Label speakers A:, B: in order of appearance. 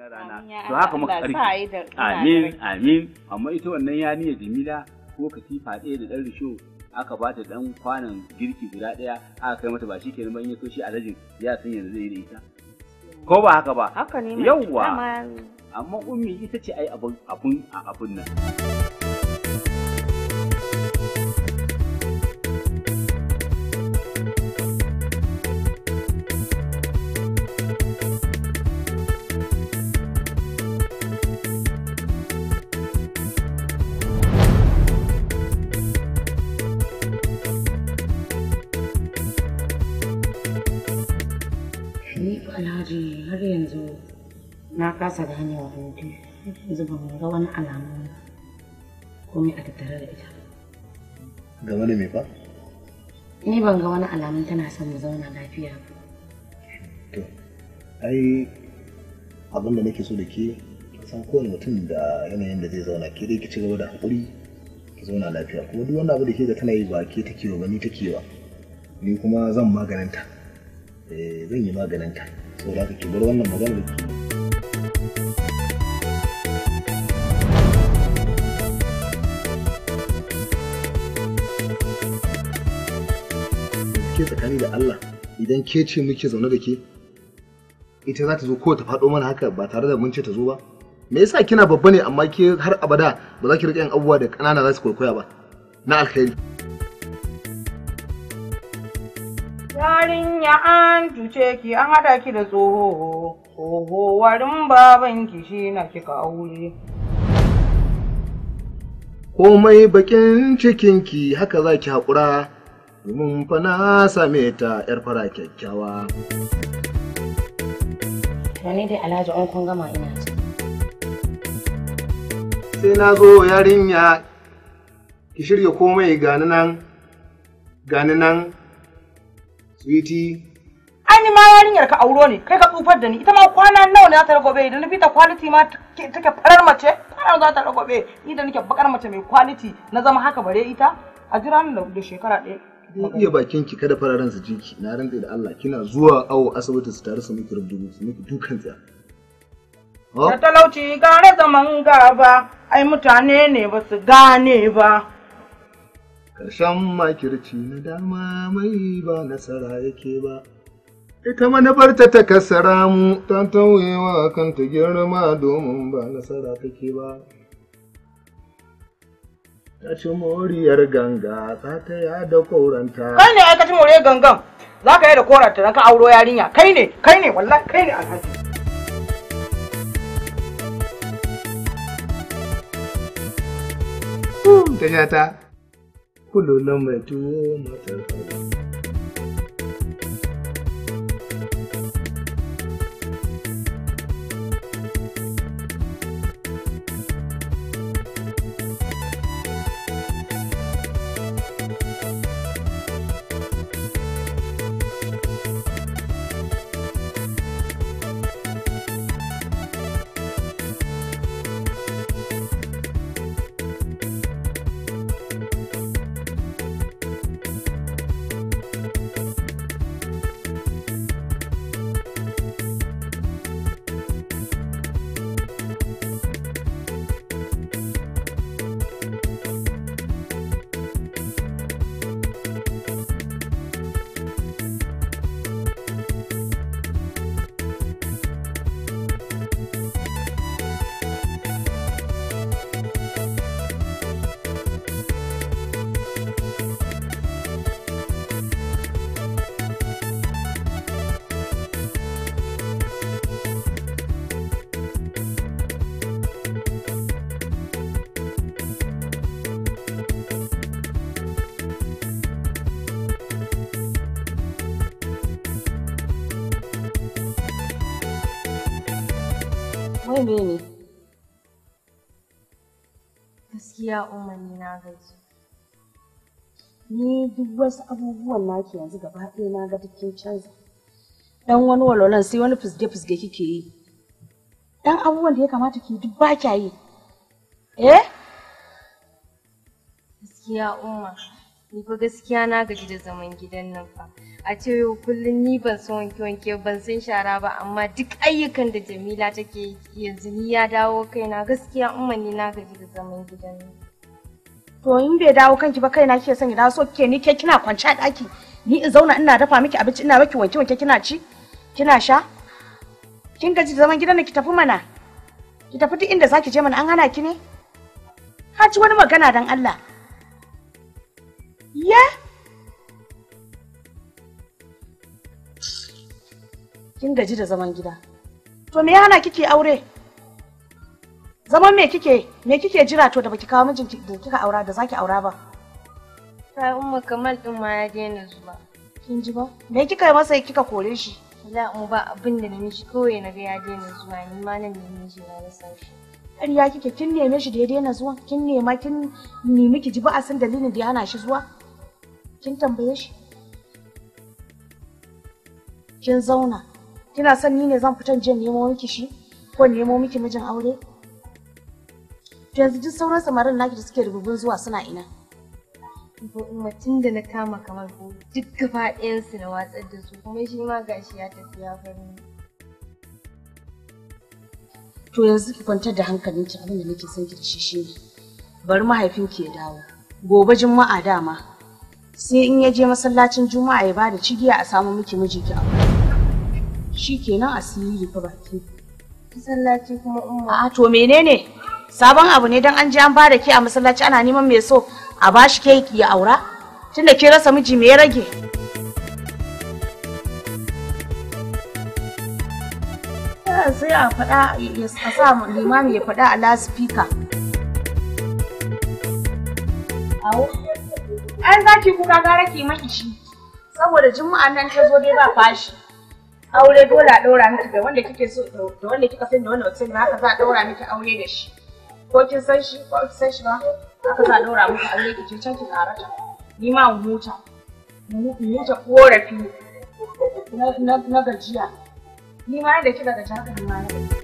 A: na rana to haka muka ƙarfi amin amin amma ita wannan yarinya jamila ko katifa ɗaya da ɗan risho aka ba ta ɗan kwanan girki guda ɗaya aka kai mata ba shi kenan ba in ya shi alhajin ya san yanzu zai yi da ita ko ba haka ba haka ne amma ummi ita ce ai abun abun nan kasa ganewa yanzu yanzu ban ga wani alamu komai a tattare da ita game da me ba ni ban ga wani alamun tana son mu zauna lafiya ba to ai abin da nake so da ke san kowane mutum da yanayin da zai zauna ke dai ki ci gaba da haƙuri ki zauna lafiya kuma duk wani abu da ke ga tana yi ba ke take ba ni take ba ni kuma zan maganinta eh, zan yi maganinta saboda haka ki bar wannan magana da ke ke tsakani da Allah idan ke ce muke zaune da ke ita za ta zo ko ta faɗo mana haka ba tare da mun ce ta zo ba me yasa kina babba ne amma ke har abada ba za ki riƙe yin abubuwa da ƙanana za su kwaikwaya ba na alkhairi yarinya an tuce ki an hada ki da tsoho oho warin baban ki shi na kika aure komai bakin cikinki haka za ki haƙura domin fa na same ta yar fara kyakkyawa wani dai alhaji an kun gama ina sai na zo yarinya ki shirya komai gani nan gani nan Sweetie. Ai ni ma yarinyar ka auro ne, kai ka tsufar da ni. Ita ma kwana nawa ne za ta ragobe idan bita quality ma take farar mace, kwana za ta ragobe. Ni da nake bakar mace mai quality na zama haka bare ita. A jira ni da shekara ɗaya. Kin iya bakin ki kada fararen su jinki, na rantse da Allah kina zuwa awo asibiti su tare su miki rubutu, su miki dukan tsaya. Da talauci gane zaman gaba, ai mutane ne ba su gane ba. ƙarshen makirci na dama mai ba nasara yake ba ita manufarta ta kasara mu ta tauyewa kanta girma domin ba nasara take ba ta ci moriyar ganga za ta yada koranta kai ne aikacin ka ci moriyar gangan za ka yi da koranta don ka auro yarinya kai ne kai ne wallahi kai ne alhaji ta C'est lamma tu menene? Gaskiya umarni na gaji. Ni duk wasu abubuwan naki yanzu gaba ɗaya na ga dukkin canza. Dan wani walwalan sai wani fusge-fusge kike yi. Dan abubuwan da ya kamata ki duk ba kya yi. Eh? Gaskiya umma. ni fa gaskiya na gaji da zaman gidan nan fa a ce yau kullum ni ban san wanke wanke ban san shara ba amma duk ayyukan da jamila take yanzu ni ya dawo kaina gaskiya umma ni na gaji da zaman gidan nan to in bai dawo kanki ba kaina kike son da so kike ni ke kina kwanci a daki ni in zauna ina dafa miki abinci ina miki wanke wanke kina ci kina sha kin gaji da zaman gidan nan ki tafi mana ki tafi duk inda zaki je mana an hana ki ne ka ci wani magana dan Allah Yeah. Kin gaji da zaman gida. To me hana kike aure? Zaman me kike? Me kike jira to da baki kawo mijinki da kika aura da zaki aura ba? Sai umma Kamal din ma ya daina zuwa. Kin ji ba? Me kika yi masa kika kore shi? Za mu ba abin da nemi kawai na ga ya daina zuwa ni ma nan nemi shi na rasa shi. Ƙarya kike kin neme shi da ya daina zuwa? Kin nema kin nemi ki ji ba a san dalilin da ya hana shi zuwa? kin tambaye shi kin zauna kina son ni ne zan fitan je nemo miki shi ko nemo miki mijin aure to yanzu duk sauran samarin naki da suke rububin zuwa suna ina mutum da na kama kamar ko duk gaba ɗayansu na watsar da su kuma shi ma gashi ya tafi ya bari to yanzu ki kwantar da hankalinki abin da nake son ki da shi shine bari mahaifinki ya dawo gobe juma'a dama sai in ya je masallacin juma'a ya bada cigiya a samu miki miji ki aure shi kenan asiri fa baki masallaci kuma umma a to menene sabon abu ne dan an je an bada ki a masallaci ana neman mai so a bashi ke ya aura tunda ki rasa miji me ya rage sai a faɗa ya sa limami ya faɗa a lasifika. speaker Ai za ki kuka gara ki maki shi. Saboda juma'a nan ta zo dai ba fashi. Aure dole a daura miki da wanda kike so da wanda kika san da wanda mutum haka za a daura miki aure da shi. Ko kin san shi ko kin san shi ba haka za a daura miki aure ki je can ki ta Ni ma mu huta. Mu huta korafi na gajiya. Ni ma da kika gaji haka ni ma na gajiya